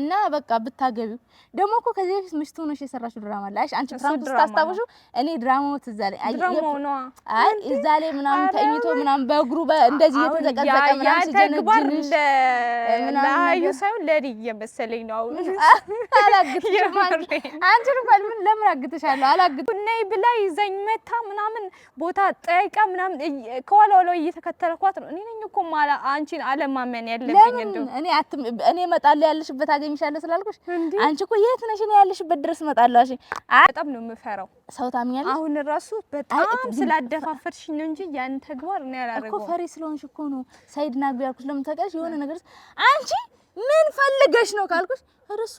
እና በቃ ብታገቢው ደግሞ እኮ ከዚህ በፊት ምሽት ሆኖሽ የሰራሽው ድራማ አለ። አይ አንቺ ፕራንክ ስታስታውሹ እኔ ድራማው ትዝ ድራማው ነው። አይ እዛ ላይ ምናምን ተኝቶ ምናምን በእግሩ እንደዚህ እየተዘቀዘቀ ምናምን ሲጀነጅንሽ ለአዩ ሳይሆን ለድዬ መሰለኝ ነው። አሁን አላግጥሽም አንቺ ሩፋል ምን ለምን አግጥሻለሁ? አላግጥም ነይ ብላ ይዘኝ መታ ምናምን ቦታ ጠይቃ ምናምን ከኋላ ኋላ እየተከተልኳት ነው። እኔ ነኝ እኮ አንቺን አለማመን ያለብኝ እንደው እኔ እኔ እመጣለሁ ያለሽበት አገኝ አገኝሻለሁ ስላልኩሽ አንቺ እኮ የት ነሽ? እኔ ያለሽበት ድረስ እመጣለሁ አልሽኝ። በጣም ነው የምፈራው። ሰው ታምኛለሽ። አሁን ራሱ በጣም ስላደፋፈርሽኝ ነው እንጂ ያን ተግባር እኔ አላደርገውም እኮ ፈሪ ስለሆንሽ እኮ ነው። ሳይድ ናግቢ ያልኩሽ ለምን ታውቂያለሽ? የሆነ ነገር አንቺ ምን ፈልገሽ ነው ካልኩሽ እርሱ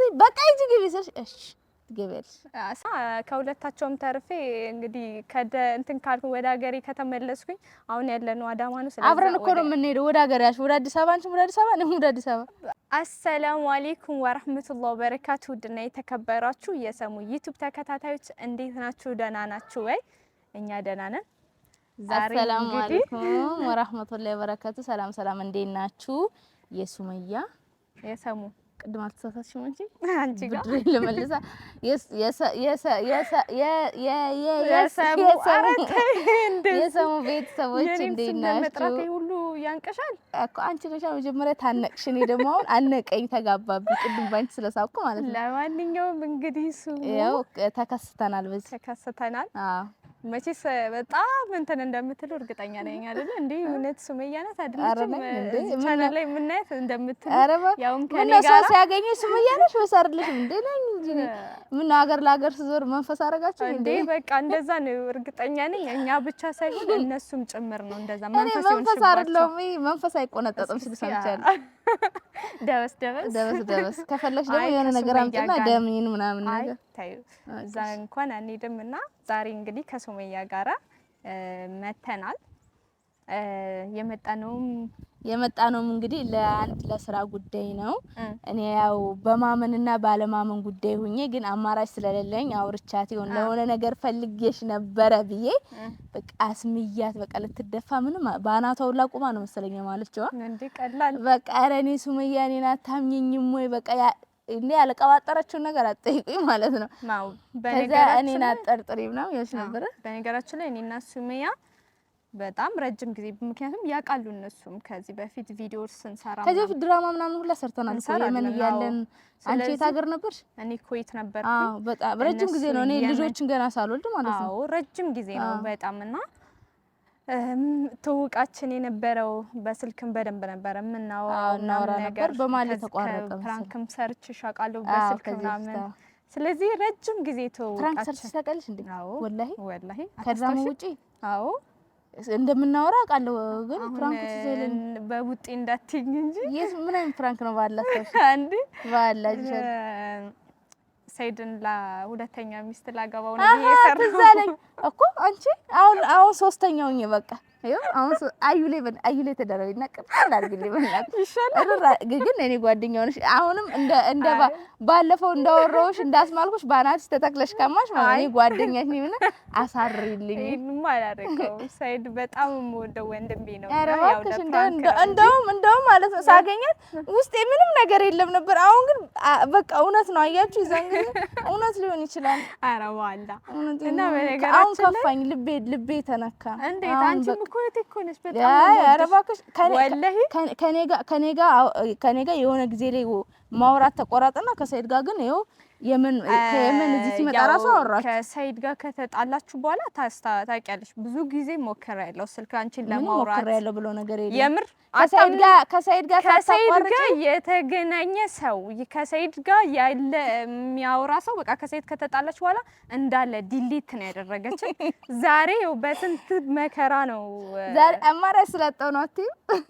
ሳይ በቃ ይጅ ግቢ ስልሽ እሺ ግብር ከሁለታቸውም ተርፌ እንግዲህ ከደ እንትን ካልኩ ወደ ሀገሬ ከተመለስኩኝ አሁን ያለ ነው አዳማ ነው። አብረን እኮ ነው የምንሄደው ወደ ሀገሬ ያልሽ ወደ አዲስ አበባ አንቺም ወደ አዲስ አበባ እኔም ወደ አዲስ አበባ። አሰላሙ አሌይኩም ወረህመቱላህ ወበረካቱ። ውድና የተከበራችሁ የሰሙ ዩቱብ ተከታታዮች እንዴት ናችሁ? ደህና ናችሁ ወይ? እኛ ደህና ነን። አሰላሙ አሌይኩም ወረህመቱላህ ወበረካቱ። ሰላም ሰላም፣ እንዴት ናችሁ? የሱመያ የሰሙ ቅድም አልተሳሳትሽም እንጂ አንቺ ጋር ልመልሳ የሰሙ ቤተሰቦች እንዴት ናቸው? ሁሉ ያንቀሻል እኮ አንቺ ነሻ መጀመሪያ ታነቅሽ። እኔ ደግሞ አሁን አነቀኝ፣ ተጋባብኝ ቅድም ባንቺ ስለሳብኩ ማለት ነው። ለማንኛውም እንግዲህ እሱ ያው ተከስተናል፣ በዚህ ተከስተናል። አዎ መቼስ በጣም እንትን እንደምትሉ እርግጠኛ ነኝ አይደል? እንዴ እውነት ሱመያ ናት አይደለችም? ቻናል ላይ የምናየት እንደምትሉ ያው ከኔ ጋር ሰው ሲያገኘሽ ሱመያ ነሽ ወይስ እንዴ ነኝ እንጂ ምን ሀገር ለሀገር ስዞር መንፈስ አደረጋችሁ እንዴ? በቃ እንደዛ ነው እርግጠኛ ነኝ። እኛ ብቻ ሳይሆን እነሱም ጭምር ነው እንደዛ መንፈስ ይሆንሽ። መንፈስ አይደለም መንፈስ አይቆነጠጥም ሲል ሰምቻለሁ። ደበስ ደበስ ደበስ ደበስ ከፈለሽ ደግሞ የሆነ ነገር አምጥና ደምን ምናምን ነገር ታዩ። እዛ እንኳን አንሄድም እና ዛሬ እንግዲህ ከሱመያ ጋራ መተናል የመጣነውም የመጣ ነው እንግዲህ ለአንድ ለስራ ጉዳይ ነው። እኔ ያው በማመንና ባለማመን ጉዳይ ሁኜ ግን አማራጭ ስለሌለኝ አውርቻት ይሁን ለሆነ ነገር ፈልጌሽ ነበረ ብዬ በቃ አስምያት በቃ ልትደፋ ምንም በአናቷ ሁላ ቁማ ነው መሰለኝ ማለችዋ። በቃ ኧረ እኔ ሱመያ እኔን አታምኘኝም ወይ በቃ እንዴ ያለቀባጠረችውን ነገር አጠይቁኝ ማለት ነው። ከዛ እኔን አጠርጥሪ ምናምን ያልሽ ነበረ። በነገራችን ላይ እኔና ሱመያ በጣም ረጅም ጊዜ ምክንያቱም ያውቃሉ እነሱም ከዚህ በፊት ቪዲዮ ስንሰራ ከዚህ በፊት ድራማ ምናምን ሁላ ሰርተናል እኮ የመን እያለን። አንቺ የት ሀገር ነበር እኔ ኩዌት ነበር በጣም ረጅም ጊዜ ነው። እኔ ልጆችን ገና ሳልወልድ ማለት ነው። አዎ ረጅም ጊዜ ነው በጣም እና ትውቃችን የነበረው በስልክም በደንብ ነበር የምናወራው ነገር በማለት ተቋረጠ። ፍራንክም ሰርች ሻቃሉ በስልክ ምናምን ስለዚህ ረጅም ጊዜ ትውቃችን ፍራንክ ሰርች ታውቃለሽ እንዴ? ወላሂ ወላሂ ከድራማ ውጪ አዎ እንደምናወራ አውቃለሁ፣ ግን ፍራንክ ትዘልን በቡጤ እንዳትኝ እንጂ ይህ ምን አይነት ፍራንክ ነው? ባላችሁ አንዲ ባላችሁ ሰይድን ለሁለተኛ ሚስት ላገባው ነው የሰራው። እኮ አንቺ አሁን አሁን ሶስተኛው ነው በቃ አሁን አዩ ላይ አዩ ላይ ተደረበ ይናቀብ ግን እኔ ጓደኛ ሆነሽ አሁንም እንደ እንደ ባለፈው እንዳወራሁሽ እንዳስማልኩሽ ባናትሽ ተተክለሽ ከማሽ ማለት እኔ ጓደኛሽ ነኝ እና አሳሪልኝ። ይሄንማ አላደረገውም። ሰይድ በጣም የምወደው ወንድሜ ነው። እባክሽ እንደውም እንደውም ማለት ነው ሳገኛት ውስጤ ምንም ነገር የለም ነበር። አሁን ግን በቃ እውነት ነው አያችሁ። ይዘን ግን እውነት ሊሆን ይችላል። ኧረ ዋላ እና በነገራችን አሁን ከፋኝ። ልቤ ልቤ ተነካ። እንዴት አንቺም ከኔ ጋር የሆነ ጊዜ ላይ ማውራት ተቆራጥና ከሰይድ ጋር ግን ይኸው የምን ከየመን እዚህ ሲመጣ ራሱ አወራችሁ? ከሰይድ ጋር ከተጣላችሁ በኋላ ታውቂያለሽ፣ ብዙ ጊዜ ሞክሬያለሁ ስልክ አንቺን ለማውራት ሞክሬያለሁ ብሎ ነገር የለም። የምር ከሰይድ ጋር ከሰይድ ጋር ከሰይድ ጋር የተገናኘ ሰው ከሰይድ ጋር ያለ የሚያወራ ሰው በቃ ከሰይድ ከተጣላች በኋላ እንዳለ ዲሊት ነው ያደረገችው። ዛሬ በስንት መከራ ነው ዛሬ አማራ ስለጠው ነው አትይም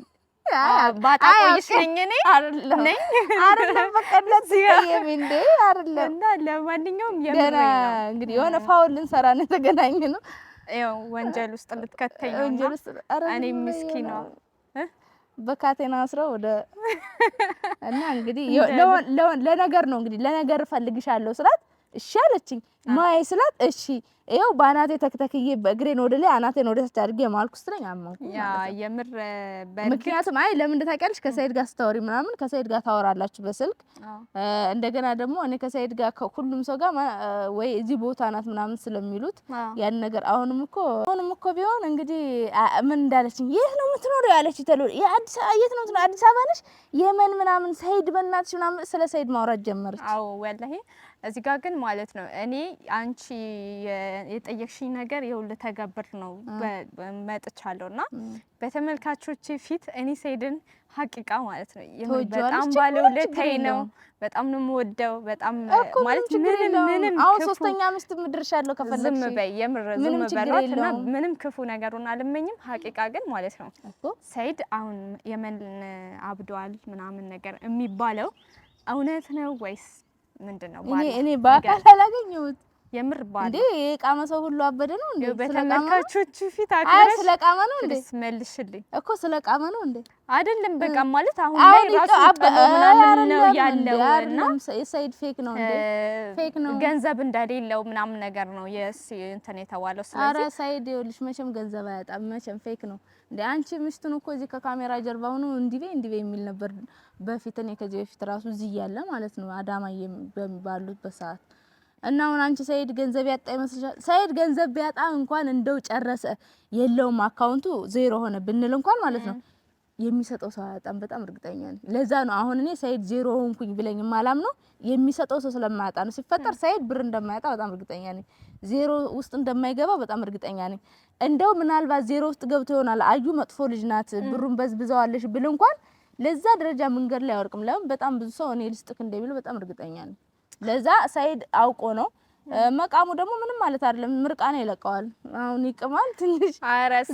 ለማንኛውም የሆነ ፋውል ልንሰራ ነው የተገናኘ ነው። ወንጀል ውስጥ ልትከተኝ እኔ ምስኪን ነው በካቴና አስረው ወደ እና እንግዲህ ለነገር ነው እንግዲህ ለነገር እፈልግሻለሁ ስላት እሺ አለችኝ። ነዋዬ ስላት እሺ ይኸው በአናቴ ተክተክዬ በእግሬን ወደ ላይ አናቴን ወደ ታች አድርጌ ማልኩ ስትለኝ አመንኩ። የምር ምክንያቱም አይ ለምን እንደታቀልሽ ከሰይድ ጋር ስታወሪ ምናምን ከሰይድ ጋር ታወራላችሁ በስልክ እንደገና ደግሞ እኔ ከሰይድ ጋር ሁሉም ሰው ጋር ወይ እዚህ ቦታ ናት ምናምን ስለሚሉት ያን ነገር አሁንም እኮ አሁንም እኮ ቢሆን እንግዲህ ምን እንዳለችኝ የት ነው የምትኖረው ያለች ተሎ የት ነው የምትኖረው አዲስ አበባ ነሽ የመን ምናምን ሰይድ በእናትሽ ምናምን ስለ ሰይድ ማውራት ጀመረች። አዎ ወላሂ እዚህ ጋር ግን ማለት ነው እኔ አንቺ የጠየቅሽኝ ነገር የሁሉ ተገብር ነው መጥቻለሁ እና በተመልካቾች ፊት እኔ ሰኢድን ሀቂቃ ማለት ነው በጣም ባለውለታዬ ነው። በጣም ነው የምወደው። በጣም ማለት ምንም ምንም አሁን ሶስተኛ አምስት ምድርሻ ያለው ከፈለግሽ ዝም በይ የምር ዝም በላት እና ምንም ክፉ ነገሩን አልመኝም። ሀቂቃ ግን ማለት ነው ሰይድ አሁን የመን አብዷል ምናምን ነገር የሚባለው እውነት ነው ወይስ ምንድን ነው እኔ በአካል አላገኘሁት የምር ባል እንዴ የቃመ ሰው ሁሉ አበደ ነው እንዴ? በተመልካቾቹ ፊት አቀረሽ ስለቃመ ነው እንዴ? መልሽልኝ እኮ ስለቃመ ነው እንዴ? አይደለም በቃ ማለት አሁን ላይ ራሱ አበደ ምናምን ነው ያለው እና ሰይድ ፌክ ነው እንዴ? ፌክ ነው ገንዘብ እንደሌለው ምናምን ነገር ነው የስ እንትን የተባለው። ስለዚህ አረ ሰይድ ይኸውልሽ፣ መቼም ገንዘብ አያጣም፣ መቼም ፌክ ነው እንዴ? አንቺ ምሽቱን እኮ እዚህ ከካሜራ ጀርባ ሆኖ እንዲበይ እንዲበይ የሚል ነበር በፊት እኔ ከዚህ በፊት ራሱ እዚህ እያለ ማለት ነው አዳማ ባሉበት በሰዓት እና አሁን አንቺ ሰይድ ገንዘብ ያጣ ይመስልሻል? ሰይድ ገንዘብ ቢያጣ እንኳን እንደው ጨረሰ የለውም አካውንቱ ዜሮ ሆነ ብንል እንኳን ማለት ነው የሚሰጠው ሰው አያጣም። በጣም እርግጠኛ ነኝ። ለዛ ነው አሁን እኔ ሰይድ ዜሮ ሆንኩኝ ብለኝ ማላም ነው የሚሰጠው ሰው ስለማያጣ ነው። ሲፈጠር ሰይድ ብር እንደማያጣ በጣም እርግጠኛ ነኝ። ዜሮ ውስጥ እንደማይገባ በጣም እርግጠኛ ነኝ። እንደው ምናልባት ዜሮ ውስጥ ገብቶ ይሆናል አዩ መጥፎ ልጅ ናት ብሩን በዝብዘዋለሽ ብል እንኳን ለዛ ደረጃ መንገድ ላይ አወርቅም። ለምን በጣም ብዙ ሰው እኔ ልስጥክ እንደሚለው በጣም እርግጠኛ ነኝ። ለዛ ሳይድ አውቆ ነው። መቃሙ ደግሞ ምንም ማለት አይደለም። ምርቃን ይለቀዋል። አሁን ይቅማል ትንሽ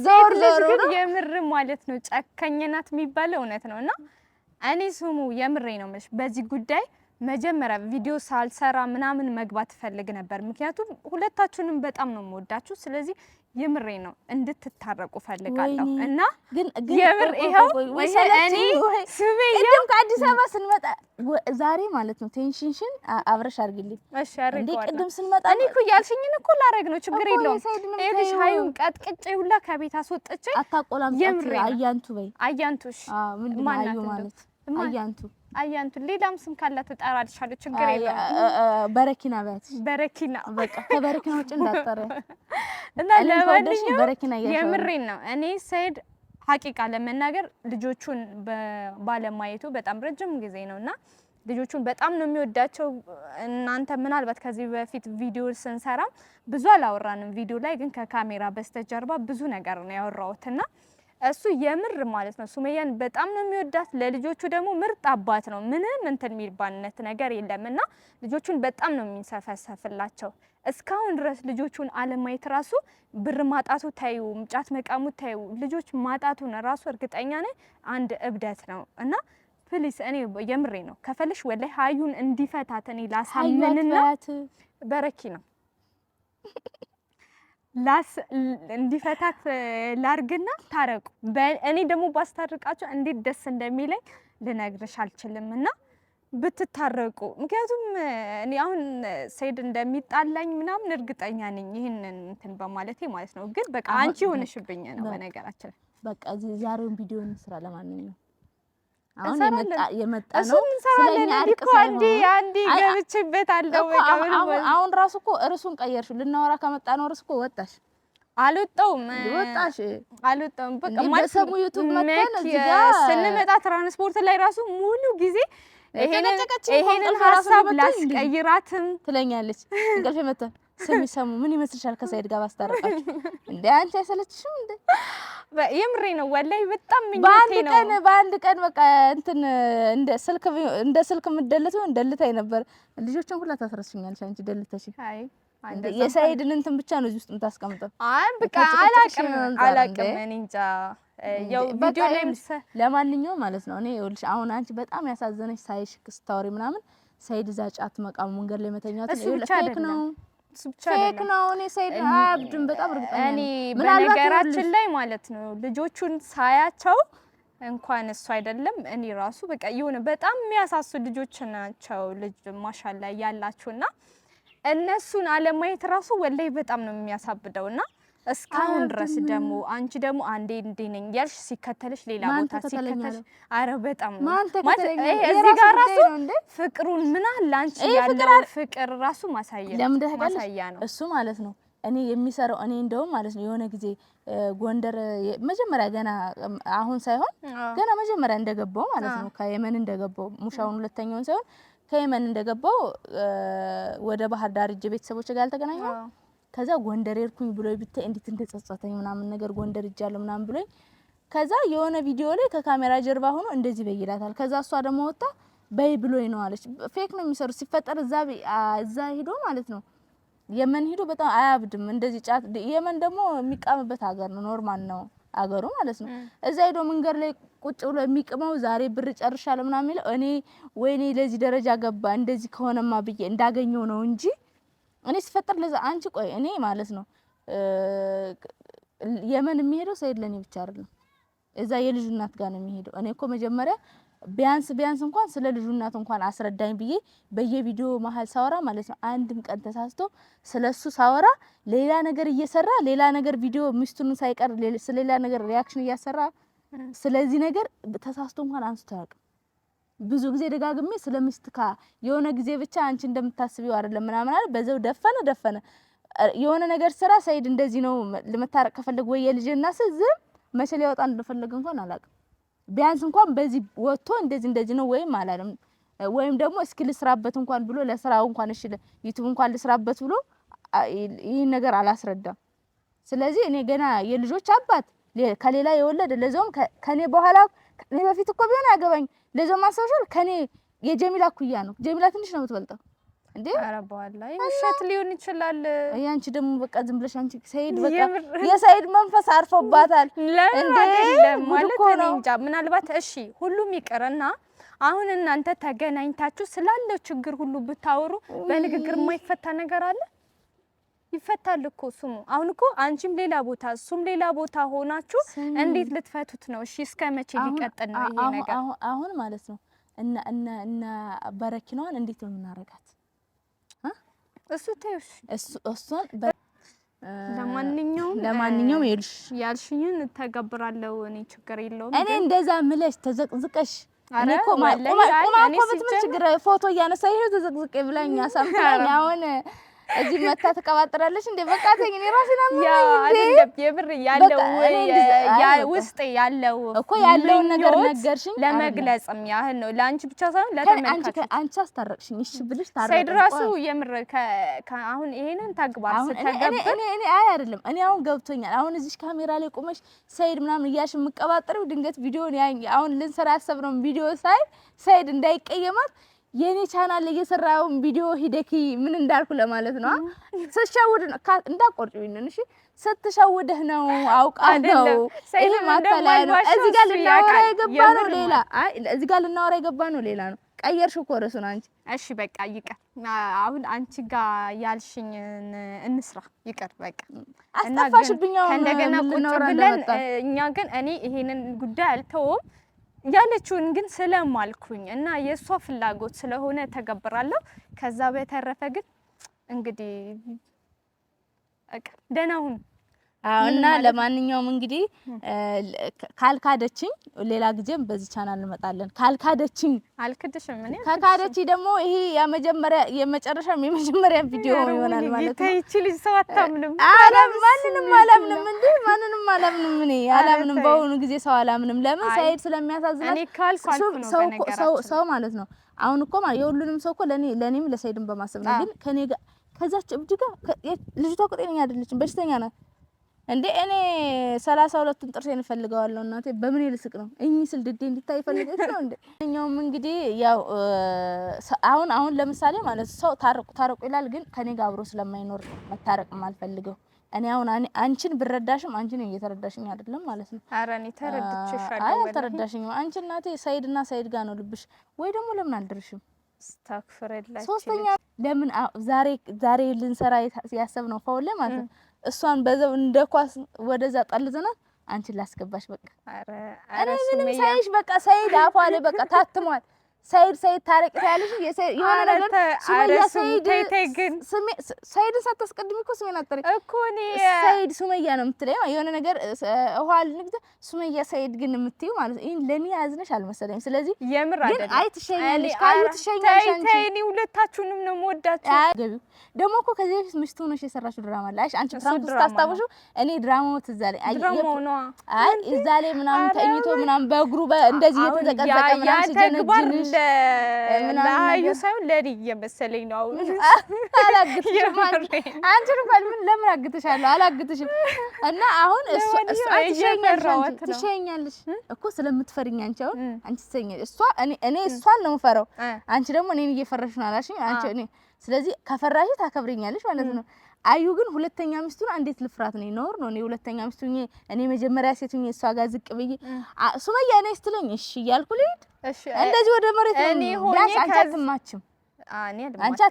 ዞር ዞር ግን የምር ማለት ነው። ጨካኝ ናት የሚባለው እውነት ነው። እና እኔ ስሙ የምሬ ነው የምልሽ በዚህ ጉዳይ መጀመሪያ ቪዲዮ ሳልሰራ ምናምን መግባት ፈልግ ነበር። ምክንያቱም ሁለታችሁንም በጣም ነው የምወዳችሁ። ስለዚህ የምሬ ነው እንድትታረቁ ፈልጋለሁ እና የምር ይኸው ስሜ ቅድም ከአዲስ አበባ ስንመጣ ዛሬ ማለት ነው ቴንሽንሽን አብረሽ አድርግልኝ እንዴ። ቅድም ስንመጣ እኔ እኮ ያልሽኝን እኮ ላረግ ነው። ችግር የለውም። ይኸውልሽ ሀዩን ቀጥቅጬ ሁላ ከቤት አስወጥቼ አታቆላም። የምሬ አያንቱ በይ አያንቱሽ ማናት አያንቱ አያንቱ ሌላም ስም ካላት እጠራልሻለሁ። ችግር የለም። በረኪና በት በረኪና በቃ ከበረኪና ውጭ እንዳጠረ እና ለማንኛውም የምሬን ነው። እኔ ሰይድ ሀቂቃ ለመናገር ልጆቹን ባለማየቱ በጣም ረጅም ጊዜ ነው እና ልጆቹን በጣም ነው የሚወዳቸው። እናንተ ምናልባት ከዚህ በፊት ቪዲዮ ስንሰራ ብዙ አላወራንም። ቪዲዮ ላይ ግን ከካሜራ በስተጀርባ ብዙ ነገር ነው ያወራሁትና እሱ የምር ማለት ነው ሱመያን በጣም ነው የሚወዳት። ለልጆቹ ደግሞ ምርጥ አባት ነው። ምንም እንትን የሚባልነት ነገር የለም እና ልጆቹን በጣም ነው የሚንሰፈሰፍላቸው። እስካሁን ድረስ ልጆቹን አለማየት ራሱ ብር ማጣቱ ታዩ፣ ጫት መቃሙ ታዩ፣ ልጆች ማጣቱን ራሱ እርግጠኛ ነኝ አንድ እብደት ነው እና ፕሊስ እኔ የምሬ ነው ከፈልሽ ወላይ ሀዩን እንዲፈታት እኔ ላሳምንና በረኪ ነው እንዲፈታት ላርግና ታረቁ። እኔ ደግሞ ባስታርቃቸው እንዴት ደስ እንደሚለኝ ልነግርሽ አልችልም። እና ብትታረቁ፣ ምክንያቱም እኔ አሁን ሰይድ እንደሚጣላኝ ምናምን እርግጠኛ ነኝ። ይህንን እንትን በማለቴ ማለት ነው። ግን በቃ አንቺ የሆነሽብኝ ነው በነገራችን። በቃ ዛሬውን ቪዲዮ እንስራ ለማንኛውም አሁን የመጣ ነው ስለኛ አርቅ አንዲ አንዲ ገብቼበት አለው አሁን ራሱ እኮ እርሱን ቀየርሽ። ልናወራ ከመጣ ነው እርሱ እኮ ወጣሽ። አልወጣሁም ወጣሽ አልወጣሁም። በቃ ማሰሙ ዩቱብ መጥተን እዚህ ጋር ስንመጣ ትራንስፖርት ላይ ራሱ ሙሉ ጊዜ ይሄንን ሀሳብ ላስቀይራትም ትለኛለች እንቅልፍ መተን ሰሚሰሙ ምን ይመስልሻል? ከሰይድ ጋር ባስታረቃችሁ እንደ አንቺ አይሰለችሽም እንዴ? የምሬ ነው ወላይ፣ በጣም ምኞቴ ነው። በአንድ ቀን በአንድ ቀን በቃ እንትን እንደ ስልክ እንደ ስልክ ምደለት ነው እንደልታይ ነበር። ልጆችን ሁላ ታስረሽኛለሽ አንቺ ደልተሽ። አይ የሰይድን እንትን ብቻ ነው እዚህ ውስጥ የምታስቀምጠው። አይ በቃ አላቅም አላቅም፣ እኔ እንጃ ቪዲዮ ላይ ለማንኛውም ማለት ነው እኔ ይኸውልሽ፣ አሁን አንቺ በጣም ያሳዘነሽ ሳይሽ ስታወሪ ምናምን ሰይድ እዛ ጫት መቃሙ መንገድ ላይ መተኛት ነው ነው ፌክ ነው። እኔ ሰይድ አያብድም በጣም እርግጠኛ ነኝ። በነገራችን ላይ ማለት ነው ልጆቹን ሳያቸው እንኳን እሱ አይደለም እኔ ራሱ በቃ የሆነ በጣም የሚያሳሱ ልጆች ናቸው። ልጅ ማሻላ ያላችሁና እነሱን አለማየት ራሱ ወላይ በጣም ነው የሚያሳብደውና እስካሁን ድረስ ደግሞ አንቺ ደግሞ አንዴ እንዴ ነኝ ያልሽ ሲከተልሽ ሌላ ቦታ ሲከተልሽ፣ አረ በጣም እዚህ ጋር ራሱ ፍቅሩን ምን አለ አንቺ ያለው ፍቅር ራሱ ማሳያ ማሳያ ነው እሱ ማለት ነው። እኔ የሚሰራው እኔ እንደውም ማለት ነው የሆነ ጊዜ ጎንደር መጀመሪያ ገና አሁን ሳይሆን ገና መጀመሪያ እንደገባው ማለት ነው ከየመን እንደገባው ሙሻውን ሁለተኛውን ሳይሆን ከየመን እንደገባው ወደ ባህር ዳር እጅ ቤተሰቦች ጋር አልተገናኘሁም ከዛ ጎንደር ሄድኩኝ ብሎ ብታይ እንዴት እንደጸጸተኝ ምናምን ነገር ጎንደር እጃለሁ ምናምን ብሎኝ ከዛ የሆነ ቪዲዮ ላይ ከካሜራ ጀርባ ሆኖ እንደዚህ በይላታል። ከዛ እሷ ደግሞ ወጣ በይ ብሎ ነው አለች። ፌክ ነው የሚሰሩ ሲፈጠር እዛ እዛ ሄዶ ማለት ነው የመን ሄዶ በጣም አያብድም እንደዚህ ጫት። የመን ደግሞ የሚቃምበት ሀገር ነው ኖርማል ነው አገሩ ማለት ነው። እዛ ሄዶ መንገድ ላይ ቁጭ ብሎ የሚቅመው ዛሬ ብር ጨርሻለሁ ምናምን የሚለው እኔ ወይኔ ለዚህ ደረጃ ገባ እንደዚህ ከሆነማ ብዬ እንዳገኘው ነው እንጂ እኔ ስፈጠር ለዛ አንቺ ቆይ እኔ ማለት ነው የመን የሚሄደው ሰይድ ለኔ ብቻ አይደለም። እዛ የልጁ እናት ጋር ነው የሚሄደው። እኔ እኮ መጀመሪያ ቢያንስ ቢያንስ እንኳን ስለ ልጁ እናት እንኳን አስረዳኝ ብዬ በየቪዲዮ መሀል ሳወራ ማለት ነው አንድም ቀን ተሳስቶ ስለሱ ሳወራ ሌላ ነገር እየሰራ ሌላ ነገር ቪዲዮ ሚስቱን ሳይቀር ስለሌላ ነገር ሪያክሽን እያሰራ ስለዚህ ነገር ተሳስቶ እንኳን አንስቶ አያውቅም። ብዙ ጊዜ ደጋግሜ ስለ ምስትካ የሆነ ጊዜ ብቻ አንቺ እንደምታስቢው አይደለም ምናምን አለ። በዘው ደፈነ ደፈነ የሆነ ነገር ስራ ሰይድ እንደዚህ ነው ለመታረቅ ከፈለግ ወይ የልጅና ስዝም መቼ ሊያወጣ እንደፈለግ እንኳን አላውቅም። ቢያንስ እንኳን በዚህ ወጥቶ እንደዚህ እንደዚህ ነው ወይም አላለም ወይም ደግሞ እስኪ ልስራበት እንኳን ብሎ ለስራው እንኳን እሺ ዩቱብ እንኳን ልስራበት ብሎ ይህን ነገር አላስረዳም። ስለዚህ እኔ ገና የልጆች አባት ከሌላ የወለደ ለዛውም ከኔ በኋላ ከእኔ በፊት እኮ ቢሆን አያገባኝ ለዛ ማስታወሻል ከኔ የጀሚላ ኩያ ነው። ጀሚላ ትንሽ ነው የምትበልጠው እንዴ? አረባዋላ ውሸት ሊሆን ይችላል። ያንቺ ደግሞ በቃ ዝም ብለሽ አንቺ ሰይድ በቃ የሰይድ መንፈስ አርፎባታል እንዴ? ማለት ነው። እንጃ ምናልባት እሺ፣ ሁሉም ይቅርና አሁን እናንተ ተገናኝታችሁ ስላለው ችግር ሁሉ ብታወሩ በንግግር የማይፈታ ነገር አለ ይፈታል እኮ ስሙ። አሁን እኮ አንቺም ሌላ ቦታ እሱም ሌላ ቦታ ሆናችሁ እንዴት ልትፈቱት ነው? እሺ እስከ መቼ ሊቀጥል ነው ይሄ ነገር? አሁን ማለት ነው እና እና እና በረኪናዋን እንዴት ነው የምናረጋት? እሱ ተይሽ እሱ እሱን ለማንኛውም ለማንኛውም ይልሽ ያልሽኝን እተገብራለሁ። እኔ ችግር የለውም። እኔ እንደዛ ምለሽ ተዘቅዝቀሽ እኔ እኮ ማለት ነው ችግር ፎቶ እያነሳ ይሄ ተዘቅዝቄ ብላኝ አሳምታኝ አሁን እዚህ መታ ትቀባጥራለች እንዴ? በቃ ተኝ ነው ራሴ ነው የምር ያለው ውስጥ ያለው እኮ ያለውን ነገር ነገርሽኝ። ለመግለጽም ያህል ነው ለአንቺ ብቻ ሳይሆን ለተመልካች። አንቺ አስታረቅሽኝ። እሺ ብልሽ ታረቅ ሰይድ ራሱ የምር አሁን ይሄንን ተግባር ስተገብ እኔ እኔ አይ አይደለም እኔ አሁን ገብቶኛል። አሁን እዚህ ካሜራ ላይ ቆመሽ ሰይድ ምናምን እያልሽ የምቀባጥሪው ድንገት ቪዲዮ አሁን ልንሰራ ያሰብነው ቪዲዮ ሳይ ሰይድ እንዳይቀየማት የኔ ቻናል ላይ እየሰራውን ቪዲዮ ሂደኪ ምን እንዳልኩ ለማለት ነው። ስትሸውድ ነው እንዳቆርጭ ይንን እሺ፣ ስትሸውድህ ነው አውቃለሁ። ይሄ ማታለያ ነው። እዚህ ጋር ልናወራ የገባ ነው ሌላ፣ አይ እዚህ ጋር ልናወራ የገባ ነው ሌላ ነው። ቀየርሽ እኮ ርዕሱን አንቺ። እሺ በቃ ይቅር። አሁን አንቺ ጋር ያልሽኝ እንስራ። ይቅር በቃ አስጠፋሽብኛው። እንደገና ቁጭ ብለን እኛ ግን እኔ ይሄንን ጉዳይ አልተውም። ያለችውን ግን ስለማልኩኝ እና የእሷ ፍላጎት ስለሆነ ተገብራለሁ። ከዛ በተረፈ ግን እንግዲህ ደህና ሁኑ። እና ለማንኛውም እንግዲህ ካልካደችኝ ሌላ ጊዜም በዚህ ቻናል እንመጣለን። ካልካደችኝ አልክድሽም። እኔ ከካደች ደግሞ ይሄ የመጀመሪያ የመጨረሻም የመጀመሪያ ቪዲዮ ይሆናል ማለት ነው። ይቺ ልጅ ሰው አታምንም። ኧረ ማንንም አላምንም እንዴ! ማንንም አላምንም። እኔ አላምንም፣ በአሁኑ ጊዜ ሰው አላምንም። ለምን ሳይሄድ ስለሚያሳዝናል ሰው ሰው ሰው ማለት ነው። አሁን እኮ የሁሉንም ሰው እኮ ለኔ ለኔም ለሳይድም በማሰብ ነው። ግን ከኔ ጋር ከዛች እብድ ጋር ልጅቷ እኮ ጤነኛ አይደለችም፣ በሽተኛ ናት። እንዴ እኔ ሰላሳ ሁለቱን ጥርሴን እፈልገዋለሁ። እናቴ በምን ልስቅ ነው? እኚህ ስል ድዴ እንዲታይ ፈልገች ነው እንዴ? እኛውም እንግዲህ ያው አሁን አሁን ለምሳሌ ማለት ሰው ታረቁ ታረቁ ይላል፣ ግን ከኔ ጋር አብሮ ስለማይኖር መታረቅ አልፈልገው። እኔ አሁን አንቺን ብረዳሽም አንቺን እየተረዳሽኝ አይደለም ማለት ነው። ኧረ እኔ ተረድቼሻለሁ። አይ አልተረዳሽኝም። አንቺ እናቴ ሰይድ እና ሰይድ ጋር ነው ልብሽ፣ ወይ ደግሞ ለምን አልደርሽም? ስታክፍረላችሁ ሶስተኛ ለምን ዛሬ ዛሬ ልንሰራ ያሰብነው ፈውል ማለት ነው እሷን በዛው እንደ ኳስ ወደዛ ጣልዘናል። አንቺን ላስገባሽ በቃ። ኧረ እኔ ምንም ሳይሽ በቃ ሰይድ አፏ ላይ በቃ ታትሟል። ሰይድ ሰይድ ታረቂ ታያለሽ። የሆነ ነገር ሱመያ ሰይድ ሰይድን ሳታስቀድሚ እኮ ስሜን አትጠሪኝ እኮ እኔ ሰይድ ሱመያ ነው የምትለኝ። የሆነ ነገር እኋል ንግድ ሱመያ ሰይድ ግን የምትይው ማለት ነው። ይሄን ለእኔ ያዝነሽ አልመሰለኝም። ስለዚህ የምር አይደለም። አይ ትሸኛለሽ ካሉ ትሸኛለሽ አንቺ። ተይ እኔ ሁለታችሁንም ነው የምወዳችሁ። ገቢው ደግሞ እኮ ከዚህ በፊት ምሽቱ ሆነሽ የሰራሽው ድራማ አለ። አንቺ ፕራንክ ስታስታውሹ እኔ ድራማው ትዝ አለኝ። አይ ድራማው ነው። አይ እዛ ላይ ምናምን ተኝቶ ምናምን በእግሩ እንደዚህ እየተዘቀዘቀ ምናምን ሲጀነጅንሽ ለአዩ ሳይሆን ለድዬ መሰለኝ ነው። አሁን አላግጥሽም አንቺ እንኳን ምን ለምን አግጥሻለሁ? አላግጥሽም እና አሁን ትሸኛለሽ እኮ ስለምትፈሪኝ አንቺ አሁን አንቺ ትሸኛለሽ። እሷ እኔ እኔ እሷን ነው የምፈራው። አንቺ ደግሞ እኔን እየፈራሽ ነው አላልሽኝ? አንቺ እኔ ስለዚህ ከፈራሽ ታከብሪኛለሽ ማለት ነው። አዩ ግን ሁለተኛ ሚስቱን እንዴት ልፍራት ነው? ይኖር ነው እኔ ሁለተኛ ሚስቱ እኔ መጀመሪያ ሴት ሁኜ እሷ ጋር ዝቅ ብዬ ሱመያ ነይ ስትለኝ እሺ እያልኩ ልሂድ። እንደዚህ ወደ መሬት ዳስ አንቺ አትማችም። አንቺ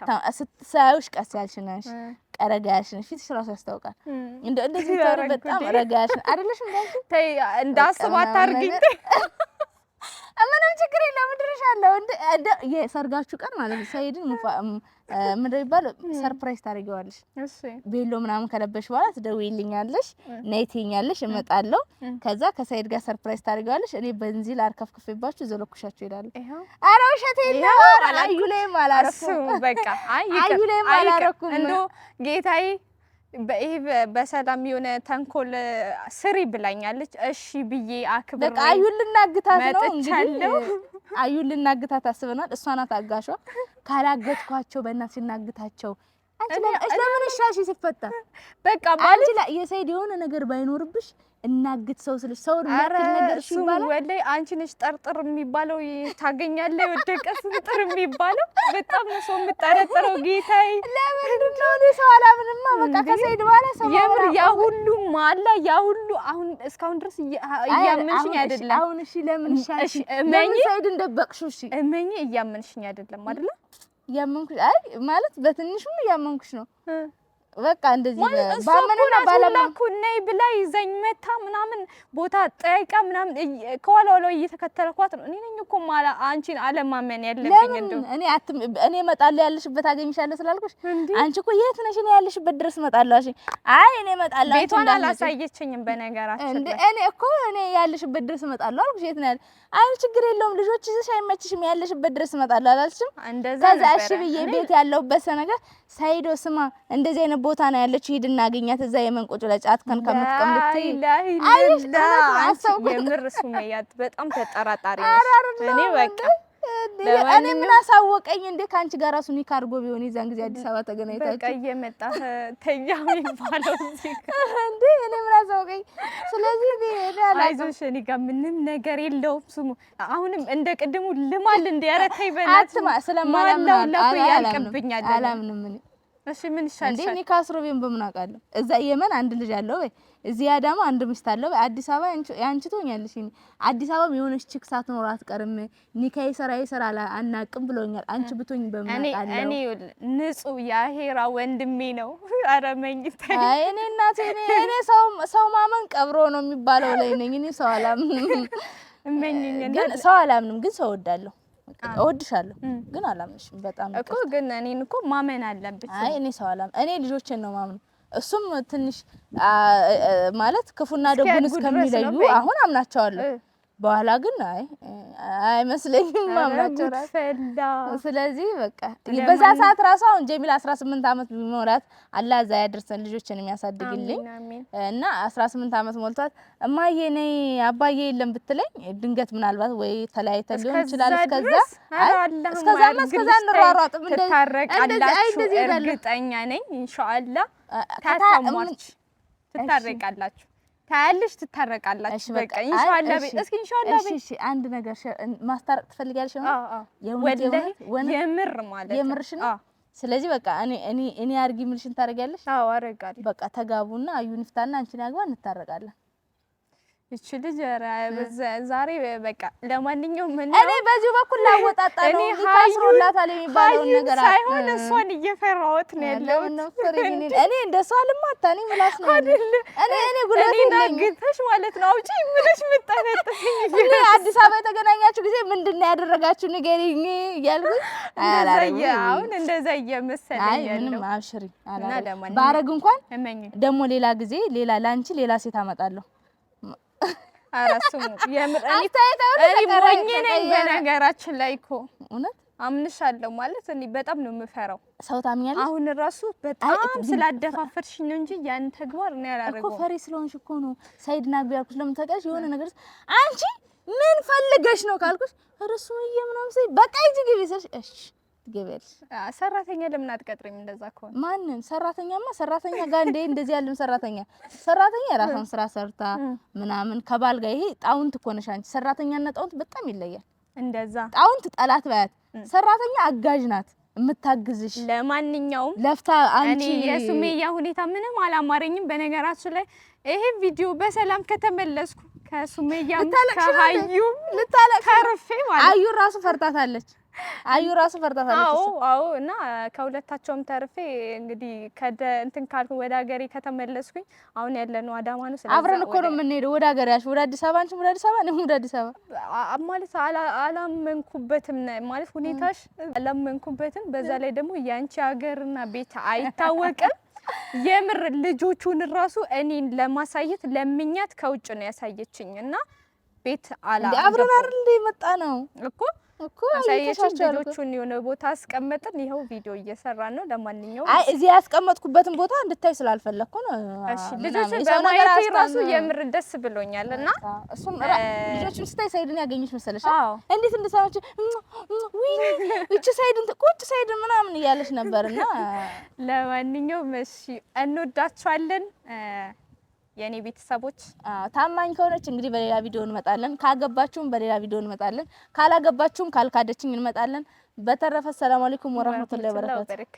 ስታዩሽ ቀስ ያልሽ ነሽ፣ ረጋ ያልሽ ነሽ። ፊትሽ ራሱ ያስታውቃል። እንደዚህ ታሪ በጣም ረጋ ያልሽ አይደለሽ። እንዳስብ አታርግኝ። ምንም ችግር የለም እድርሻለሁ። ሰርጋችሁ ቀን ማለት ነው ሰይድን ምንድን ነው ሰርፕራይዝ ታደርጊዋለሽ። ቤሎ ምናምን ከለበሽ በኋላ ትደውይልኛለሽ፣ ነይ ትይኛለሽ፣ እመጣለሁ። ከዛ ከሳይድ ጋር ሰርፕራይዝ ታደርጊዋለሽ። እኔ በንዚል አርከፍክፌባችሁ ዘለኩሻችሁ ይላሉ። ኧረ ውሸት የለም አዩ ላይም አላረኩም፣ በቃ አዩ ላይም አላረኩም። እንደው ጌታዬ በኢቭ በሰላም የሆነ ተንኮል ስሪ ብላኛለች። እሺ ብዬ አክብር በቃ አዩን ልናግታት ነው እንግዲህ አዩን ልናግታት አስበናል። እሷ ናት አጋሿ። ካላገጥኳቸው በእናት ሲናግታቸው አንቺ ለምን እሺ ሲፈጠር በቃ ማለት የሰይድ የሆነ ነገር ባይኖርብሽ እናግት ሰው ስለ ሰው ወላሂ አንቺ ነሽ ጠርጥር የሚባለው ታገኛለህ። የወደቀ ስንጥር የሚባለው በጣም ነው ሰው የምጠረጥረው። ጌታዬ የምር ያ ሁሉ ማላ ያ ሁሉ አሁን እስካሁን ድረስ እያመንሽኝ አይደለም። አሁን እሺ፣ ለምን እሺ፣ እመኚ ሰይድን እሺ፣ እመኚ እያመንሽኝ አይደለም አይደለ? አይ ማለት በትንሹም እያመንኩሽ ነው በቃ እንደዚህ ባመነና ባላመኩ ነይ ብላ ይዘኝ መታ ምናምን ቦታ ጠይቃ ምናምን ከኋላ ኋላ እየተከተልኳት ነው። እኔ ነኝ እኮ ማላ አንቺን አለማመን ያለብኝ። እንደው እኔ እኔ እመጣለሁ ያለሽበት አገኝሻለሁ ስላልኩሽ አንቺ እኮ የት ነሽ? እኔ ያለሽበት ድረስ እመጣለሁ አልሽኝ። አይ እኔ እመጣለሁ ቤቷን አላሳየችኝም። በነገራችን እኔ እኮ እኔ ያለሽበት ድረስ እመጣለሁ አልኩሽ። የት ነው አይ ችግር የለውም ልጆች ይዘሽ አይመችሽም፣ ያለሽበት ድረስ እመጣለሁ አላልሽም? እንደዛ ነበር። ከዛ እሺ ብዬ ቤት ያለሁበት ሰነገር ሳይዶ ስማ እንደዚህ ቦታ ነው ያለች፣ ሂድ እናገኛት እዛ የመን ቁጭ ብላ ጫት ከን ከምትቀም ልትይ አይሽ በጣም ተጠራጣሪ ነሽ። እኔ በቃ እኔ ምን አሳወቀኝ እንዴ ከአንቺ ጋር ራሱ ኒካ አድርጎ ቢሆን የዛን ጊዜ አዲስ አበባ ተገናኝታችሁ በቃ እየመጣ ተያም ይባለው እንዴ እኔ ምን አሳወቀኝ። ስለዚህ ቢሄዳ አይዞሽ፣ እኔ ጋር ምንም ነገር የለውም። ስሙ አሁንም እንደ ቅድሙ ልማል እንደ ያረከይ በእናትህ አትማ ስለማላምናለሁ አላምንም እኔ እሺ ምን ይሻልሻል እንዴ? እኔ ካስሮቤን በምን አውቃለሁ? እዛ የመን አንድ ልጅ አለው ወይ እዚህ አዳማ አንድ ሚስት አለው ወይ አዲስ አበባ ያንቺ ትሆኛለሽ። እኔ አዲስ አበባ የሆነች ቺክ ሳትኖር አትቀርም። ኒካይ ሰራ ይሰራ አናቅም ብሎኛል። አንቺ ብትሆኝ በምን አውቃለሁ? እኔ ንጹህ የአሄራ ወንድሜ ነው። አረመኝ ታይ እኔ እናቴ እኔ እኔ ሰው ሰው ማመን ቀብሮ ነው የሚባለው ላይ ነኝ። እኔ ሰው አላምንም፣ ግን ሰው አላምንም፣ ግን ሰው እወዳለሁ እወድሻለሁ ግን አላምንሽም። በጣም እኮ ግን እኔን እኮ ማመን አለብሽ። አይ እኔ ሰው አላም እኔ ልጆችን ነው ማምነው። እሱም ትንሽ ማለት ክፉና ደጉን እስከሚለዩ አሁን አምናቸዋለሁ። በኋላ ግን አይ አይመስለኝም ማምናቸው ራሱ ስለዚህ በቃ በዛ ሰዓት ራሱ አሁን ጀሚል 18 አመት ቢሞላት አላህ እዛ ያደርሰን ልጆችን የሚያሳድግልኝ እና 18 አመት ሞልቷት እማዬ ነይ አባዬ የለም ብትለኝ ድንገት ምናልባት ወይ ተለያይተን ሊሆን ይችላል። እስከዛ እስከዛ እስከዛ እንሯሯጥም ትታረቃላችሁ፣ እርግጠኛ ነኝ። ኢንሻአላህ ታታሟች ትታረቃላችሁ ታያለሽ፣ ትታረቃላችሁ። በቃ ኢንሻአላህ ቤት እስኪ ኢንሻአላህ ቤት። እሺ አንድ ነገር ማስታረቅ ትፈልጋለሽ ነው? የምር ማለት የምርሽ ነው። ስለዚህ በቃ እኔ እኔ እኔ አድርጊ ምልሽን ታደርጊያለሽ። አዎ አደርጋለሁ። በቃ ተጋቡና አዩን ፍታና አንቺን ያግባ እንታረቃለን። ይቺ ልጅ ኧረ ዛሬ በቃ ለማንኛውም ምን እኔ በዚሁ በኩል ላወጣጣ ነው። ታስሮላታል የሚባለው ነገር ሳይሆን እሷን እየፈራሁት ነው ያለው። እኔ እንደሷ ልማታ ነኝ ምላስ ነው እኔ እኔ ጉልበት ነግተሽ ማለት ነው አውጪ ምለሽ ምጠነጥኝ እኔ አዲስ አበባ የተገናኛችሁ ጊዜ ምንድን ነው ያደረጋችሁ ንገሪኝ እያልኩኝ አሁን እንደዛ እየመሰለኝ ያለው ምንም አብሽሪ ባረግ እንኳን ደግሞ ሌላ ጊዜ ሌላ ለአንቺ ሌላ ሴት አመጣለሁ አራስሙ ነኝ። በነገራችን ላይ እኮ እውነት አምንሻለሁ ማለት እኔ በጣም ነው የምፈራው። ሰው ታምኛለሽ። አሁን ራሱ በጣም ስላደፋፈርሽኝ ነው እንጂ ያን ተግባር እኔ አላደርገውም እኮ ፈሪ ስለሆንሽ እኮ ነው። ሳይድ ና ያልኩሽ ለምን ታውቂያለሽ? የሆነ ነገር አንቺ ምን ፈልገሽ ነው ካልኩሽ እርሱ ምናምን በቃ ግቢ ስልሽ እሺ ግብር ሰራተኛ ለምን አትቀጥሪም? እንደዛ ከሆነ ማንን ሰራተኛማ ሰራተኛ ጋር እንደ እንደዚህ ያለም ሰራተኛ ሰራተኛ የራሷን ስራ ሰርታ ምናምን ከባል ጋር ይሄ ጣውንት እኮ ነሽ አንቺ። ሰራተኛና ጣውንት በጣም ይለያል። እንደዛ ጣውንት ጠላት ባያት፣ ሰራተኛ አጋዥ ናት የምታግዝሽ ለማንኛውም ለፍታ አንቺ የሱሜያ ሁኔታ ምንም አላማረኝም። በነገራችሁ ላይ ይሄ ቪዲዮ በሰላም ከተመለስኩ ከሱሜያ ከሀዩ ማለት አዩ ራሱ ፈርታታለች። አዩ ራሱ ፈርታታለች። አዎ አዎ። እና ከሁለታቸውም ተርፌ እንግዲህ ከደ እንትን ካልኩ ወደ ሀገሬ ከተመለስኩኝ አሁን ያለነው አዳማ ነው። ስለዚህ አብረን እኮ ነው የምንሄደው ወደ አሽ ወደ አዲስ አበባ አንቺም ወደ አዲስ አበባ እኔም ወደ አዲስ አበባ። ማለት አላመንኩበትም ማለት ሁኔታሽ አላመንኩበትም። በዛ ላይ ደግሞ ያንቺ ሀገርና ቤት አይታወቅም። የምር ልጆቹን ራሱ እኔን ለማሳየት ለምኛት ከውጭ ነው ያሳየችኝ እና ቤት አላ አብረን አይደል የመጣ ነው እኮ አሳየቻቸው ልጆቹን የሆነ ቦታ አስቀመጥን። ይኸው ቪዲዮ እየሰራን ነው። ለማንኛውም አይ እዚህ ያስቀመጥኩበትን ቦታ እንድታይ ስላልፈለግኩ ነው። እሺ ልጆቹን በማየት ራሱ የምር ደስ ብሎኛል። እና እሱም ልጆቹን ስታይ ሰይድን ያገኘች መሰለሽ? አዎ እንዴት እንደሰማች ውይ እቺ ሰይድን ቁጭ ሰይድን ምናምን እያለች ነበርና ለማንኛውም እሺ እንወዳቸዋለን። የእኔ ቤተሰቦች ታማኝ ከሆነች እንግዲህ በሌላ ቪዲዮ እንመጣለን። ካገባችሁም በሌላ ቪዲዮ እንመጣለን። ካላገባችሁም ካልካደችኝ እንመጣለን። በተረፈ ሰላም አለይኩም ወራህመቱላሂ ወበረካቱ።